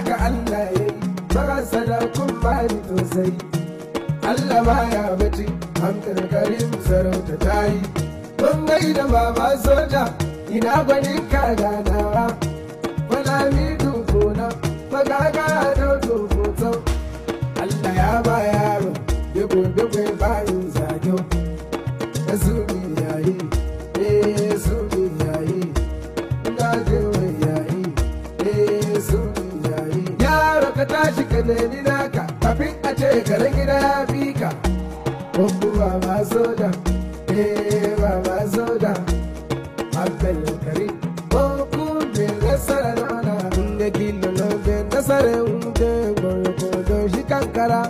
haka Allah ya yi barasa da kun bani sosai Allah ma ya bace hankali karim sarauta ta yi don mai da baba soja ina gwani ka ganawa wala mi dukona magaga da dokoto Allah ya ba yaro ya gobe bai bayin zagewa ka tashi ka nemi naka kafin a ce garin gida ya fi ka Bambu Baba Soda, eh Baba Soda, Abdul Karim, ku bin nasara na ana, inda kilo na bin nasara unte, goro kodo shi kankara.